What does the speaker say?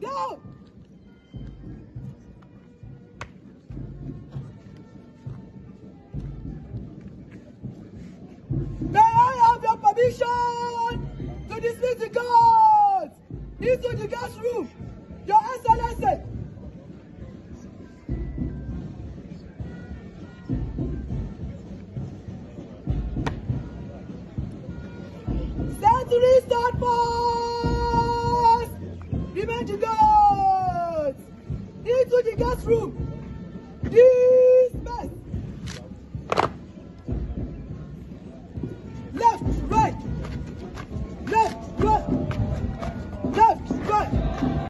Go! May I have your permission to dismiss the guards into the guest room, Your Excellency. Century start for the gas room. Deep.